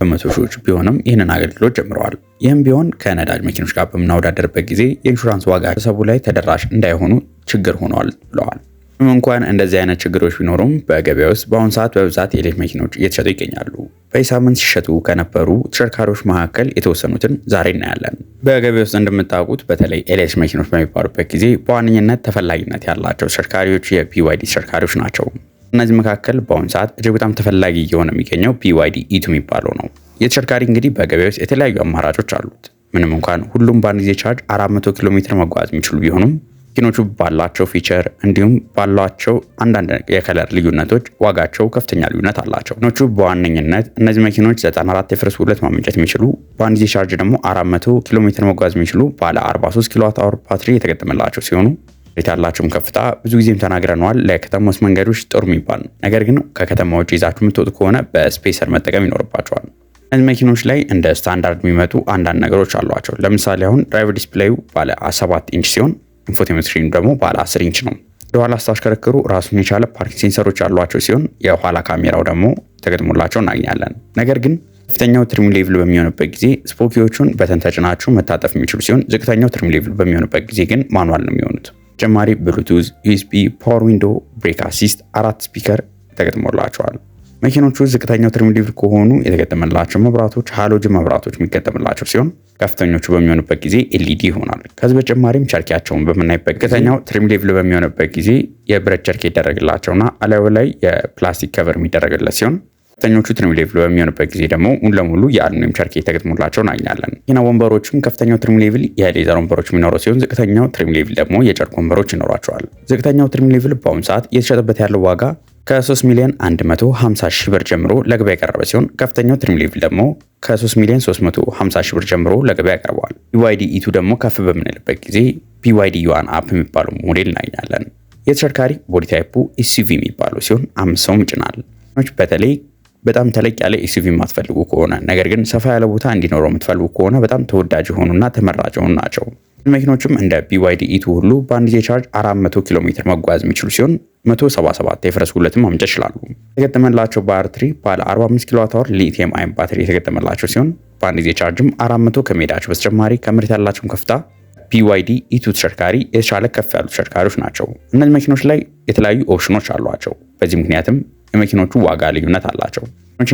በመቶ ሺዎች ቢሆንም ይህንን አገልግሎት ጀምረዋል። ይህም ቢሆን ከነዳጅ መኪኖች ጋር በምናወዳደርበት ጊዜ የኢንሹራንስ ዋጋ ሰቡ ላይ ተደራሽ እንዳይሆኑ ችግር ሆኗል ብለዋል። ምንም እንኳን እንደዚህ አይነት ችግሮች ቢኖሩም በገበያ ውስጥ በአሁኑ ሰዓት በብዛት የኤሌክትሪክ መኪኖች እየተሸጡ ይገኛሉ። በዚህ ሳምንት ሲሸጡ ከነበሩ ተሽከርካሪዎች መካከል የተወሰኑትን ዛሬ እናያለን። በገበያ ውስጥ እንደምታውቁት በተለይ ኤሌክትሪክ መኪኖች በሚባሉበት ጊዜ በዋነኝነት ተፈላጊነት ያላቸው ተሽከርካሪዎች የቢዋይዲ ተሽከርካሪዎች ናቸው። ከእነዚህ መካከል በአሁኑ ሰዓት እጅግ በጣም ተፈላጊ እየሆነ የሚገኘው ቢዋይዲ ኢቱ የሚባለው ነው። የተሽከርካሪ እንግዲህ በገበያ ውስጥ የተለያዩ አማራጮች አሉት። ምንም እንኳን ሁሉም በአንድ ጊዜ ቻርጅ 400 ኪሎ ሜትር መጓዝ የሚችሉ ቢሆኑም መኪኖቹ ባላቸው ፊቸር እንዲሁም ባሏቸው አንዳንድ የከለር ልዩነቶች ዋጋቸው ከፍተኛ ልዩነት አላቸው። ኖቹ በዋነኝነት እነዚህ መኪኖች 94 የፍርስ ሁለት ማመንጨት የሚችሉ በአንድ ጊዜ ቻርጅ ደግሞ 400 ኪሎ ሜትር መጓዝ የሚችሉ ባለ 43 ኪሎዋት አወር ባትሪ የተገጠመላቸው ሲሆኑ ሬት ያላቸውም ከፍታ ብዙ ጊዜም ተናግረነዋል። ለከተማ ውስጥ መንገዶች ጥሩ የሚባል ነው። ነገር ግን ከከተማ ውጭ ይዛችሁ የምትወጡ ከሆነ በስፔሰር መጠቀም ይኖርባቸዋል። እነዚህ መኪኖች ላይ እንደ ስታንዳርድ የሚመጡ አንዳንድ ነገሮች አሏቸው። ለምሳሌ አሁን ድራይቨር ዲስፕሌዩ ባለ 7 ኢንች ሲሆን ኢንፎቴመንት ስክሪኑ ደግሞ ባለ 10 ኢንች ነው። የኋላ ስታሽከረክሩ ራሱን የቻለ ፓርኪንግ ሴንሰሮች ያሏቸው ሲሆን የኋላ ካሜራው ደግሞ ተገጥሞላቸው እናገኛለን። ነገር ግን ከፍተኛው ትሪም ሌቭል በሚሆንበት ጊዜ ስፖኪዎቹን በተንተጭናችሁ መታጠፍ የሚችሉ ሲሆን፣ ዝቅተኛው ትሪም ሌቭል በሚሆንበት ጊዜ ግን ማኑዋል ነው የሚሆኑት። ተጨማሪ ብሉቱዝ፣ ዩኤስቢ፣ ፓወር ዊንዶ፣ ብሬክ አሲስት፣ አራት ስፒከር ተገጥሞላቸዋል። መኪኖቹ ዝቅተኛው ትሪም ከሆኑ የተገጠመላቸው መብራቶች ሃሎጅን መብራቶች የሚገጠምላቸው ሲሆን ከፍተኞቹ በሚሆኑበት ጊዜ ኤልኢዲ e ይሆናል። ከዚህ በተጨማሪም ቸርኪያቸውን በምናይበት ዝቅተኛው ትሪም በሚሆንበት ጊዜ የብረት ቸርኪ ይደረግላቸውና አላዩ ላይ የፕላስቲክ ከቨር የሚደረግለት ሲሆን ከፍተኞቹ ትሪም ሌቭል በሚሆንበት ጊዜ ደግሞ ሙሉ ለሙሉ የአሉሚኒየም ቸርኬ ተገጥሞላቸው እናገኛለን። ኢና ወንበሮችም ከፍተኛው ትሪም ሌቭል የሌዘር ወንበሮች የሚኖረው ሲሆን ዝቅተኛው ትሪም ሌቭል ደግሞ የጨርቅ ወንበሮች ይኖሯቸዋል። ዝቅተኛው ትሪም ሌቭል በአሁኑ ሰዓት እየተሸጠበት ያለው ዋጋ ከ3 ሚሊዮን 150 ሺህ ብር ጀምሮ ለገበያ የቀረበ ሲሆን ከፍተኛው ትሪም ሌቭል ደግሞ ከ3 ሚሊዮን 350 ሺህ ብር ጀምሮ ለገበያ ያቀርበዋል። ቢዋይዲ ኢቱ ደግሞ ከፍ በምንልበት ጊዜ ቢዋይዲ ዩዋን አፕ የሚባለው ሞዴል እናገኛለን። የተሽከርካሪ ቦዲ ታይፑ ኤስዩቪ የሚባለው ሲሆን አምስት ሰውም ይጭናል። በተለይ በጣም ተለቅ ያለ ኤስዩቪ የማትፈልጉ ከሆነ ነገር ግን ሰፋ ያለ ቦታ እንዲኖረው የምትፈልጉ ከሆነ በጣም ተወዳጅ የሆኑና ተመራጭ የሆኑ ናቸው። መኪኖችም እንደ ቢዋይዲ ኢቱ ሁሉ በአንድ ጊዜ ቻርጅ 400 ኪሎ ሜትር መጓዝ የሚችሉ ሲሆን 177 የፈረስ ጉልበትም ማምጫት ይችላሉ። የተገጠመላቸው ባትሪ ባለ 45 ኪሎ ዋት አወር ሊቲየም አይን ባትሪ የተገጠመላቸው ሲሆን በአንድ ጊዜ ቻርጅም 400 ከመሄዳቸው በተጨማሪ ከምርት ያላቸውን ከፍታ ቢዋይዲ ኢቱ ተሽከርካሪ የተሻለ ከፍ ያሉ ተሽከርካሪዎች ናቸው። እነዚህ መኪኖች ላይ የተለያዩ ኦፕሽኖች አሏቸው። በዚህ ምክንያትም የመኪኖቹ ዋጋ ልዩነት አላቸው።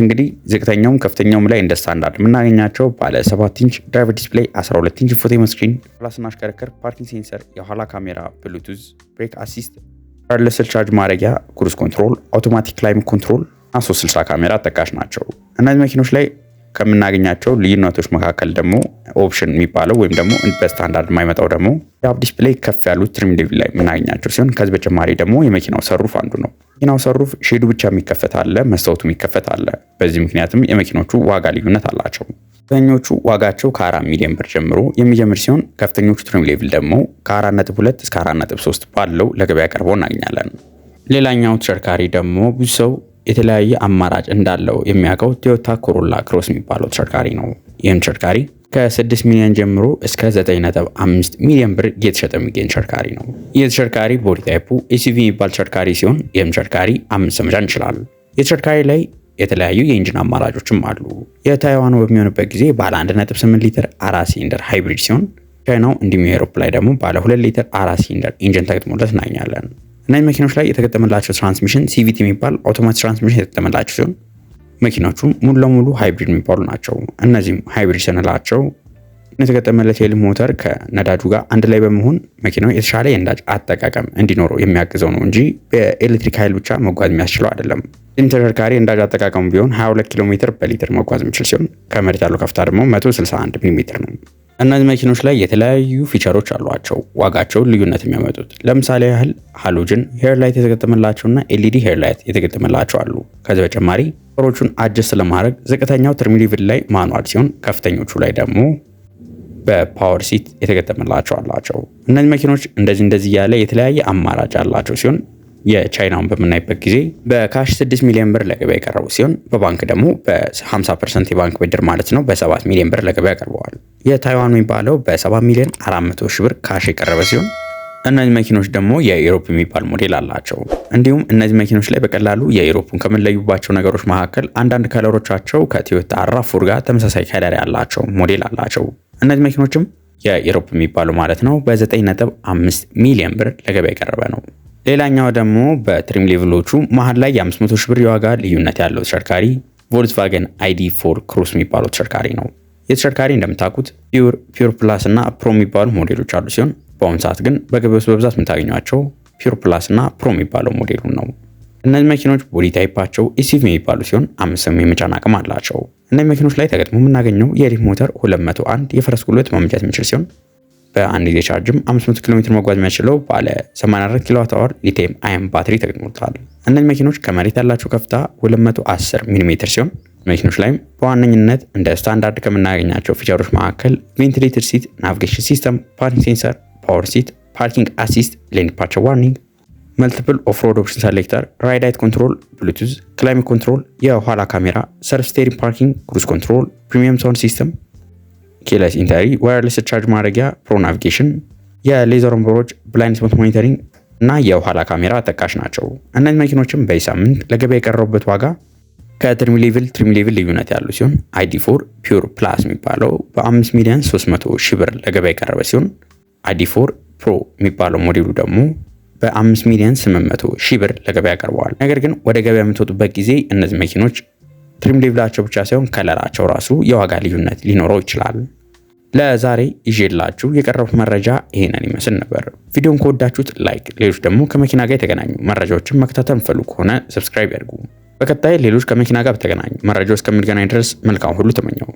እንግዲህ ዝቅተኛውም ከፍተኛውም ላይ እንደ ስታንዳርድ የምናገኛቸው ባለ 7 ኢንች ድራይቨር ዲስፕሌይ፣ 12 ኢንች ፎቴም ስክሪን፣ ፕላስ አሽከርከር ፓርኪንግ ሴንሰር፣ የኋላ ካሜራ፣ ብሉቱዝ፣ ብሬክ አሲስት፣ ዋየርለስ ቻርጅ ማድረጊያ፣ ክሩዝ ኮንትሮል፣ አውቶማቲክ ክላይም ኮንትሮል እና 360 ካሜራ ተጠቃሽ ናቸው። እነዚህ መኪኖች ላይ ከምናገኛቸው ልዩነቶች መካከል ደግሞ ኦፕሽን የሚባለው ወይም ደግሞ በስታንዳርድ የማይመጣው ደግሞ የአፕ ዲስፕሌይ ከፍ ያሉት ትሪም ሌቭል ላይ የምናገኛቸው ሲሆን ከዚህ በተጨማሪ ደግሞ የመኪናው ሰሩፍ አንዱ ነው። መኪናው ሰሩፍ ሼዱ ብቻ የሚከፈት አለ፣ መስታወቱ የሚከፈት አለ። በዚህ ምክንያትም የመኪኖቹ ዋጋ ልዩነት አላቸው። ከፍተኞቹ ዋጋቸው ከአራት ሚሊዮን ብር ጀምሮ የሚጀምር ሲሆን ከፍተኞቹ ትሪም ሌቭል ደግሞ ከአራት ነጥብ ሁለት እስከ አራት ነጥብ ሶስት ባለው ለገበያ ቀርቦ እናገኛለን። ሌላኛው ተሽከርካሪ ደግሞ ብዙ ሰው የተለያየ አማራጭ እንዳለው የሚያውቀው ቶዮታ ኮሮላ ክሮስ የሚባለው ተሽከርካሪ ነው። ይህም ተሽከርካሪ ከ6 ሚሊዮን ጀምሮ እስከ 9.5 ሚሊዮን ብር እየተሸጠ የሚገኝ ተሽከርካሪ ነው። ይህ ተሽከርካሪ ቦዲ ታይፑ ኤስዩቪ የሚባል ተሽከርካሪ ሲሆን ይህም ተሽከርካሪ አምስት ሰው መጫን ይችላል። የተሽከርካሪ ላይ የተለያዩ የኢንጂን አማራጮችም አሉ። የታይዋኑ በሚሆንበት ጊዜ ባለ 1.8 ሊትር አራት ሲሊንደር ሃይብሪድ ሲሆን ቻይናው እንዲሁም የአውሮፕ ላይ ደግሞ ባለ 2 ሊትር አራት ሲሊንደር ኢንጂን ተገጥሞለት እናገኛለን። እነዚህ መኪኖች ላይ የተገጠመላቸው ትራንስሚሽን ሲቪቲ የሚባል አውቶማቲክ ትራንስሚሽን የተገጠመላቸው ሲሆን መኪናዎቹ ሙሉ ለሙሉ ሃይብሪድ የሚባሉ ናቸው። እነዚህም ሃይብሪድ ስንላቸው የተገጠመለት የኤሌክትሪክ ሞተር ከነዳጁ ጋር አንድ ላይ በመሆን መኪናው የተሻለ የነዳጅ አጠቃቀም እንዲኖረው የሚያግዘው ነው እንጂ በኤሌክትሪክ ኃይል ብቻ መጓዝ የሚያስችለው አይደለም። ተሽከርካሪ የነዳጅ አጠቃቀሙ ቢሆን 22 ኪሎ ሜትር በሊትር መጓዝ የሚችል ሲሆን ከመሬት ያለው ከፍታ ደግሞ 161 ሚሊ ነው። እነዚህ መኪኖች ላይ የተለያዩ ፊቸሮች አሏቸው፣ ዋጋቸው ልዩነት የሚያመጡት። ለምሳሌ ያህል ሃሎጅን ሄር ላይት የተገጠመላቸውና ኤልኢዲ ሄር ላይት የተገጠመላቸው አሉ። ከዚህ በተጨማሪ ሮቹን አጀስት ለማድረግ ዝቅተኛው ትሪም ላይ ማኗል ሲሆን፣ ከፍተኞቹ ላይ ደግሞ በፓወር ሲት የተገጠመላቸው አላቸው። እነዚህ መኪኖች እንደዚህ እንደዚህ ያለ የተለያየ አማራጭ አላቸው ሲሆን የቻይናውን በምናይበት ጊዜ በካሽ 6 ሚሊዮን ብር ለገበያ የቀረቡ ሲሆን በባንክ ደግሞ በ50 ፐርሰንት የባንክ ብድር ማለት ነው በ7 ሚሊዮን ብር ለገበያ ቀርበዋል። የታይዋን የሚባለው በ7 ሚሊዮን 400 ሺህ ብር ካሽ የቀረበ ሲሆን እነዚህ መኪኖች ደግሞ የኢሮፕ የሚባል ሞዴል አላቸው። እንዲሁም እነዚህ መኪኖች ላይ በቀላሉ የኢሮፑን ከምንለዩባቸው ነገሮች መካከል አንዳንድ ከለሮቻቸው ከቶዮታ አራፉር ጋር ተመሳሳይ ከለር ያላቸው ሞዴል አላቸው። እነዚህ መኪኖችም የኢሮፕ የሚባሉ ማለት ነው በ9.5 ሚሊዮን ብር ለገበያ የቀረበ ነው። ሌላኛው ደግሞ በትሪም ሌቭሎቹ መሀል ላይ የ500 ሺህ ብር የዋጋ ልዩነት ያለው ተሽከርካሪ ቮልክስቫገን አይዲ ፎር ክሩስ የሚባለው ተሽከርካሪ ነው። የተሽከርካሪ እንደምታውቁት ፒውር፣ ፒውር ፕላስ እና ፕሮ የሚባሉ ሞዴሎች አሉ ሲሆን በአሁኑ ሰዓት ግን በገበያ ውስጥ በብዛት የምታገኟቸው ፒውር ፕላስ እና ፕሮ የሚባለው ሞዴሉ ነው። እነዚህ መኪኖች ቦዲ ታይፓቸው ኤስዩቪ የሚባሉ ሲሆን አምስት ሰው የመጫን አቅም አላቸው። እነዚህ መኪኖች ላይ ተገጥሞ የምናገኘው የሪፍ ሞተር 201 የፈረስ ጉልበት ማመንጨት የሚችል ሲሆን በአንድ ጊዜ ቻርጅም 500 ኪሎ ሜትር መጓዝ የሚያስችለው ባለ 84 ኪሎዋት አወር ሊቲየም አየን ባትሪ ተገኝሞልታል። እነዚህ መኪኖች ከመሬት ያላቸው ከፍታ 210 ሚሜ ሲሆን መኪኖች ላይም በዋነኝነት እንደ ስታንዳርድ ከምናገኛቸው ፊቸሮች መካከል ቬንቲሌተር ሲት፣ ናቪጌሽን ሲስተም፣ ፓርኪንግ ሴንሰር፣ ፓወር ሲት፣ ፓርኪንግ አሲስት፣ ሌን ዲፓርቸር ዋርኒንግ፣ መልቲፕል ኦፍሮድ ኦፕሽን ሰሌክተር፣ ራይድ ሃይት ኮንትሮል፣ ብሉቱዝ፣ ክላይሜት ኮንትሮል፣ የኋላ ካሜራ፣ ሰልፍ ስቴሪንግ፣ ፓርኪንግ፣ ክሩዝ ኮንትሮል፣ ፕሪሚየም ሳውንድ ሲስተም ኬለስ ኢንተሪ፣ ዋየርለስ ቻርጅ ማድረጊያ፣ ፕሮ ናቪጌሽን፣ የሌዘር ወንበሮች፣ ብላይንድ ስፖት ሞኒተሪንግ እና የኋላ ካሜራ ተካሽ ናቸው። እነዚህ መኪኖችም በዚህ ሳምንት ለገበያ የቀረቡበት ዋጋ ከትሪም ሌቭል ትሪም ሌቭል ልዩነት ያሉ ሲሆን አይዲ ፎር ፒውር ፕላስ የሚባለው በ5 ሚሊዮን 300 ሺህ ብር ለገበያ የቀረበ ሲሆን አይዲ ፎር ፕሮ የሚባለው ሞዴሉ ደግሞ በ5 ሚሊዮን 800 ሺህ ብር ለገበያ ቀርበዋል። ነገር ግን ወደ ገበያ የምትወጡበት ጊዜ እነዚህ መኪኖች ትሪም ሌቭላቸው ብቻ ሳይሆን ከለራቸው ራሱ የዋጋ ልዩነት ሊኖረው ይችላል። ለዛሬ ይዤላችሁ የቀረቡት መረጃ ይሄንን ይመስል ነበር። ቪዲዮን ከወዳችሁት ላይክ፣ ሌሎች ደግሞ ከመኪና ጋር የተገናኙ መረጃዎችን መከታተል የምትፈልጉ ከሆነ ሰብስክራይብ ያድርጉ። በቀጣይ ሌሎች ከመኪና ጋር በተገናኙ መረጃ እስከምንገናኝ ድረስ መልካም ሁሉ ተመኘው።